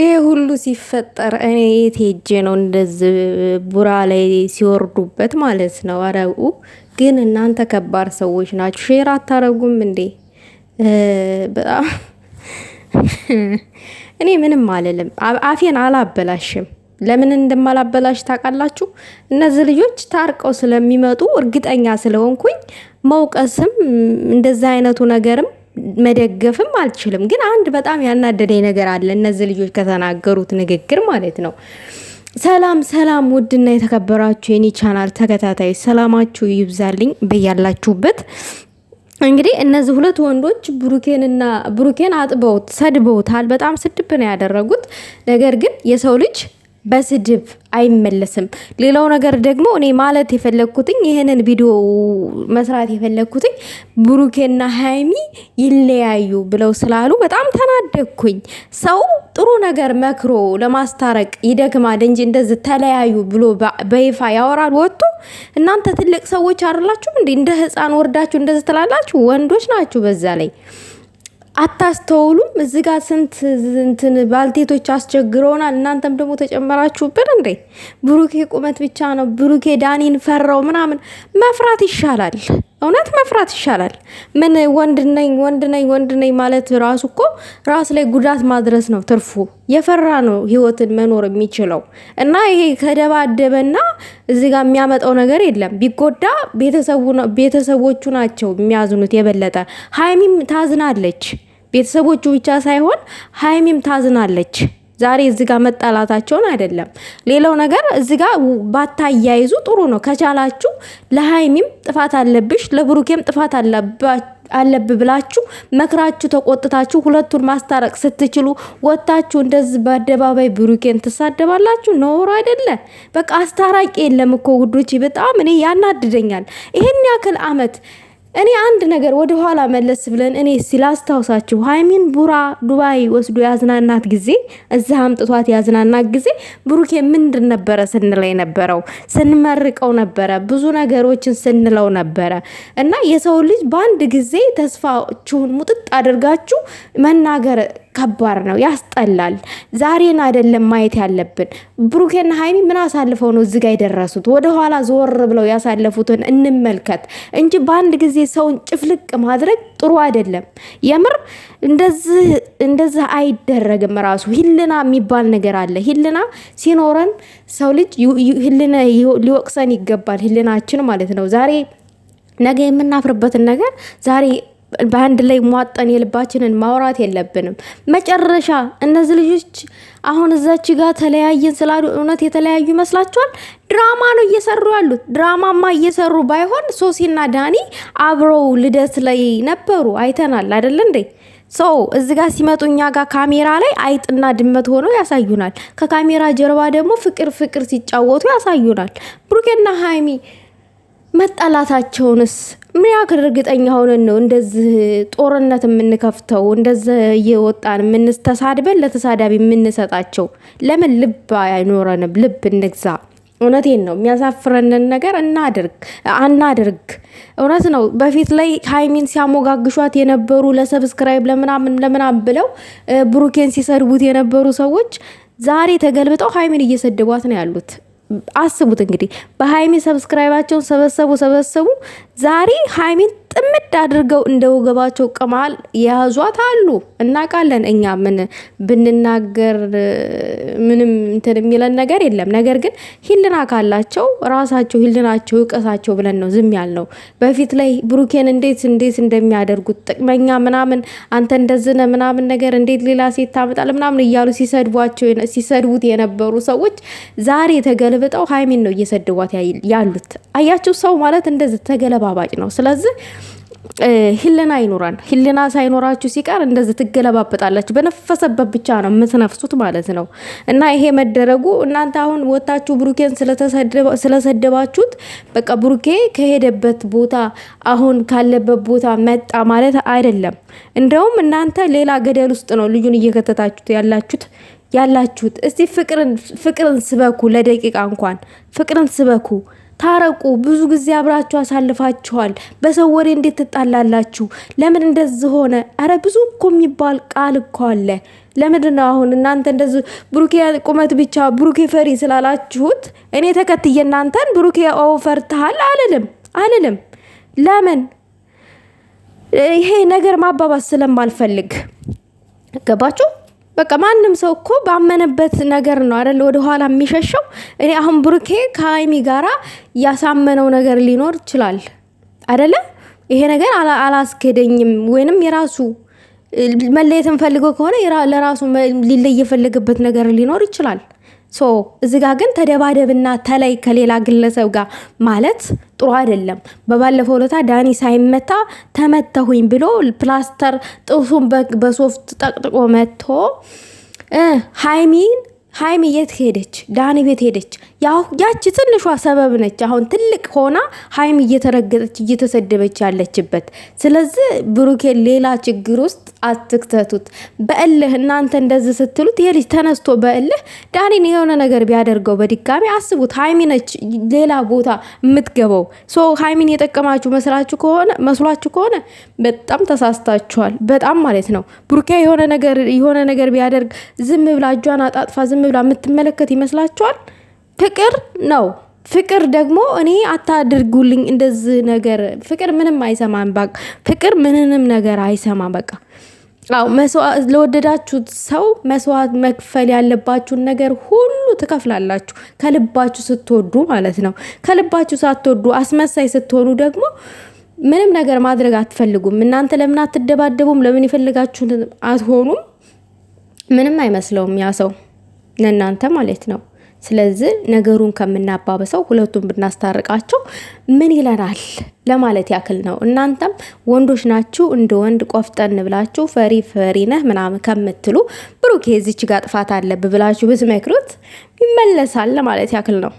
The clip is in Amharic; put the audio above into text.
ይሄ ሁሉ ሲፈጠር እኔ የት ሄጄ ነው እንደዚህ ቡራ ላይ ሲወርዱበት ማለት ነው። አረቡ ግን እናንተ ከባድ ሰዎች ናችሁ። ሼር አታረጉም እንዴ? በጣም እኔ ምንም አልልም። አፌን አላበላሽም። ለምን እንደማላበላሽ ታውቃላችሁ? እነዚህ ልጆች ታርቀው ስለሚመጡ እርግጠኛ ስለሆንኩኝ መውቀስም እንደዚህ አይነቱ ነገርም መደገፍም አልችልም። ግን አንድ በጣም ያናደደኝ ነገር አለ እነዚህ ልጆች ከተናገሩት ንግግር ማለት ነው። ሰላም ሰላም፣ ውድና የተከበራችሁ የኔ ቻናል ተከታታይ ሰላማችሁ ይብዛልኝ በያላችሁበት። እንግዲህ እነዚህ ሁለት ወንዶች ብሩኬንና ብሩኬን አጥበውት ሰድበውታል። በጣም ስድብ ነው ያደረጉት። ነገር ግን የሰው ልጅ በስድብ አይመለስም። ሌላው ነገር ደግሞ እኔ ማለት የፈለግኩትኝ ይህንን ቪዲዮ መስራት የፈለግኩትኝ ብሩኬና ሀይሚ ይለያዩ ብለው ስላሉ በጣም ተናደግኩኝ። ሰው ጥሩ ነገር መክሮ ለማስታረቅ ይደክማል እንጂ እንደዚህ ተለያዩ ብሎ በይፋ ያወራል ወጥቶ። እናንተ ትልቅ ሰዎች አይደላችሁም እንደ ህፃን ወርዳችሁ እንደዚህ ትላላችሁ? ወንዶች ናችሁ በዛ ላይ አታስተውሉም? እዚህ ጋር ስንት እንትን ባልቴቶች አስቸግረውናል። እናንተም ደግሞ ተጨመራችሁብን እንዴ? ብሩኬ ቁመት ብቻ ነው ብሩኬ ዳኒን ፈራው ምናምን። መፍራት ይሻላል፣ እውነት መፍራት ይሻላል። ምን ወንድ ነኝ ወንድ ነኝ ወንድ ነኝ ማለት ራሱ እኮ ራስ ላይ ጉዳት ማድረስ ነው ትርፉ። የፈራ ነው ህይወትን መኖር የሚችለው እና ይሄ ከደባደበና እዚ ጋር የሚያመጣው ነገር የለም። ቢጎዳ ቤተሰቦቹ ናቸው የሚያዝኑት የበለጠ። ሀይሚም ታዝናለች። ቤተሰቦቹ ብቻ ሳይሆን ሀይሚም ታዝናለች። ዛሬ እዚህ ጋር መጣላታቸውን አይደለም። ሌላው ነገር እዚ ጋር ባታያይዙ ጥሩ ነው። ከቻላችሁ ለሀይሚም ጥፋት አለብሽ፣ ለብሩኬም ጥፋት አለብ ብላችሁ መክራችሁ ተቆጥታችሁ ሁለቱን ማስታረቅ ስትችሉ ወጥታችሁ እንደዚህ በአደባባይ ብሩኬን ትሳደባላችሁ። ኖሮ አይደለ? በቃ አስታራቂ የለም እኮ ውዶች። በጣም እኔ ያናድደኛል ይህን ያክል አመት እኔ አንድ ነገር ወደ ኋላ መለስ ብለን እኔ ሲላስታውሳችሁ ሀይሚን ቡራ ዱባይ ወስዶ ያዝናናት ጊዜ እዛ አምጥቷት ያዝናናት ጊዜ ብሩኬ ምንድን ነበረ ስንለይ ነበረው ስንመርቀው ነበረ ብዙ ነገሮችን ስንለው ነበረ። እና የሰው ልጅ በአንድ ጊዜ ተስፋችሁን ሙጥጥ አድርጋችሁ መናገር ከባድ ነው፣ ያስጠላል። ዛሬን አይደለም ማየት ያለብን። ብሩኬና ሀይሚ ምን አሳልፈው ነው እዚህ የደረሱት? ወደኋላ ዞር ብለው ያሳለፉትን እንመልከት እንጂ በአንድ ጊዜ ሰውን ጭፍልቅ ማድረግ ጥሩ አይደለም። የምር እንደዚህ አይደረግም። ራሱ ህልና የሚባል ነገር አለ። ህልና ሲኖረን ሰው ልጅ ህልና ሊወቅሰን ይገባል። ህልናችን ማለት ነው። ዛሬ ነገ የምናፍርበትን ነገር ዛሬ በአንድ ላይ ሟጠን የልባችንን ማውራት የለብንም። መጨረሻ እነዚህ ልጆች አሁን እዛች ጋር ተለያየን ስላሉ እውነት የተለያዩ ይመስላችኋል? ድራማ ነው እየሰሩ ያሉት። ድራማማ እየሰሩ ባይሆን ሶሲና ዳኒ አብረው ልደት ላይ ነበሩ፣ አይተናል አይደል እንዴ? ሰው እዚ ጋር ሲመጡ እኛ ጋር ካሜራ ላይ አይጥና ድመት ሆነው ያሳዩናል። ከካሜራ ጀርባ ደግሞ ፍቅር ፍቅር ሲጫወቱ ያሳዩናል ብሩኬና ሀይሚ መጣላታቸውንስ ምን ያክል እርግጠኛ ሆነን ነው እንደዚህ ጦርነት የምንከፍተው? እንደዚህ እየወጣን የምንተሳድበን ለተሳዳቢ የምንሰጣቸው? ለምን ልብ አይኖረንም? ልብ እንግዛ። እውነቴን ነው። የሚያሳፍረንን ነገር እናድርግ አናድርግ። እውነት ነው። በፊት ላይ ሀይሚን ሲያሞጋግሿት የነበሩ ለሰብስክራይብ ለምናምን ለምናምን ብለው ብሩኬን ሲሰድቡት የነበሩ ሰዎች ዛሬ ተገልብጠው ሀይሚን እየሰደቧት ነው ያሉት። አስቡት እንግዲህ በሀይሚ ሰብስክራይባቸውን ሰበሰቡ ሰበሰቡ ዛሬ ሀይሚን ጥምድ አድርገው እንደ ወገባቸው ቅማል የያዟት አሉ። እናውቃለን። እኛ ምን ብንናገር ምንም እንትን የሚለን ነገር የለም። ነገር ግን ሂልና ካላቸው ራሳቸው ሂልናቸው ይውቀሳቸው ብለን ነው ዝም ያልነው። በፊት ላይ ብሩኬን እንዴት እንዴት እንደሚያደርጉት ጥቅመኛ ምናምን፣ አንተ እንደዝነ ምናምን ነገር እንዴት ሌላ ሴት ታመጣል ምናምን እያሉ ሲሰድቧቸው ሲሰድቡት የነበሩ ሰዎች ዛሬ ተገልብጠው ሀይሚን ነው እየሰድቧት ያሉት። አያቸው ሰው ማለት እንደዚህ ተገለባ ተጨባባጭ ነው። ስለዚህ ህልና ይኖራል። ህልና ሳይኖራችሁ ሲቀር እንደዚህ ትገለባበጣላችሁ። በነፈሰበት ብቻ ነው የምትነፍሱት ማለት ነው። እና ይሄ መደረጉ እናንተ አሁን ወታችሁ ብሩኬን ስለሰደባችሁት በቃ ብሩኬ ከሄደበት ቦታ አሁን ካለበት ቦታ መጣ ማለት አይደለም። እንደውም እናንተ ሌላ ገደል ውስጥ ነው ልጁን እየከተታችሁት ያላችሁት ያላችሁት። እስቲ ፍቅርን ስበኩ፣ ለደቂቃ እንኳን ፍቅርን ስበኩ። ታረቁ። ብዙ ጊዜ አብራችሁ አሳልፋችኋል። በሰው ወሬ እንዴት ትጣላላችሁ? ለምን እንደዚህ ሆነ? አረ ብዙ እኮ የሚባል ቃል እኮ አለ። ለምንድን ነው አሁን እናንተ እንደዚህ ብሩኬ ቁመት ብቻ ብሩኬ ፈሪ ስላላችሁት እኔ ተከትዬ እናንተን ብሩኬ ኦፈርትሃል አልልም አልልም። ለምን ይሄ ነገር ማባባስ ስለማልፈልግ ገባችሁ? በቃ ማንም ሰው እኮ ባመነበት ነገር ነው አደለ ወደኋላ የሚሸሸው። እኔ አሁን ብሩኬ ከሀይሚ ጋራ ያሳመነው ነገር ሊኖር ይችላል አደለ? ይሄ ነገር አላስኬደኝም ወይንም የራሱ መለየት እንፈልገው ከሆነ ለራሱ ሊለይ የፈለገበት ነገር ሊኖር ይችላል። ሶ እዚ ጋ ግን ተደባደብና ተለይ ከሌላ ግለሰብ ጋር ማለት ጥሩ አይደለም። በባለፈው ለታ ዳኒ ሳይመታ ተመተሁኝ ብሎ ፕላስተር ጥሱን በሶፍት ጠቅጥቆ መቶ ሀይሚን ሀይሚ የት ሄደች? ዳኒ ቤት ሄደች። ያቺ ትንሿ ሰበብ ነች። አሁን ትልቅ ሆና ሀይሚ እየተረገጠች እየተሰደበች ያለችበት። ስለዚህ ብሩኬ ሌላ ችግር ውስጥ አትክተቱት። በእልህ እናንተ እንደዚህ ስትሉት ይሄ ልጅ ተነስቶ በእልህ ዳኒን የሆነ ነገር ቢያደርገው በድጋሚ አስቡት። ሀይሚ ነች ሌላ ቦታ የምትገበው ሶ ሀይሚን የጠቀማችሁ መስላችሁ ከሆነ መስሏችሁ ከሆነ በጣም ተሳስታችኋል። በጣም ማለት ነው። ብሩኬ የሆነ ነገር የሆነ ነገር ቢያደርግ ዝም ብላ እጇን አጣጥፋ ዝም ብላ የምትመለከት ይመስላችኋል? ፍቅር ነው። ፍቅር ደግሞ እኔ አታድርጉልኝ እንደዚህ ነገር። ፍቅር ምንም አይሰማም። በቃ ፍቅር ምንንም ነገር አይሰማም። በቃ አው ለወደዳችሁት ሰው መስዋዕት መክፈል ያለባችሁን ነገር ሁሉ ትከፍላላችሁ፣ ከልባችሁ ስትወዱ ማለት ነው። ከልባችሁ ሳትወዱ አስመሳይ ስትሆኑ ደግሞ ምንም ነገር ማድረግ አትፈልጉም። እናንተ ለምን አትደባደቡም? ለምን የፈልጋችሁን አትሆኑም? ምንም አይመስለውም ያ ሰው ለእናንተ ማለት ነው። ስለዚህ ነገሩን ከምናባበሰው ሁለቱን ብናስታርቃቸው ምን ይለናል ለማለት ያክል ነው። እናንተም ወንዶች ናችሁ፣ እንደ ወንድ ቆፍጠን ብላችሁ ፈሪ ፈሪ ነህ ምናምን ከምትሉ ብሩኬ እዚች ጋ ጥፋት አለብህ ብላችሁ ብትመክሩት ይመለሳል ለማለት ያክል ነው።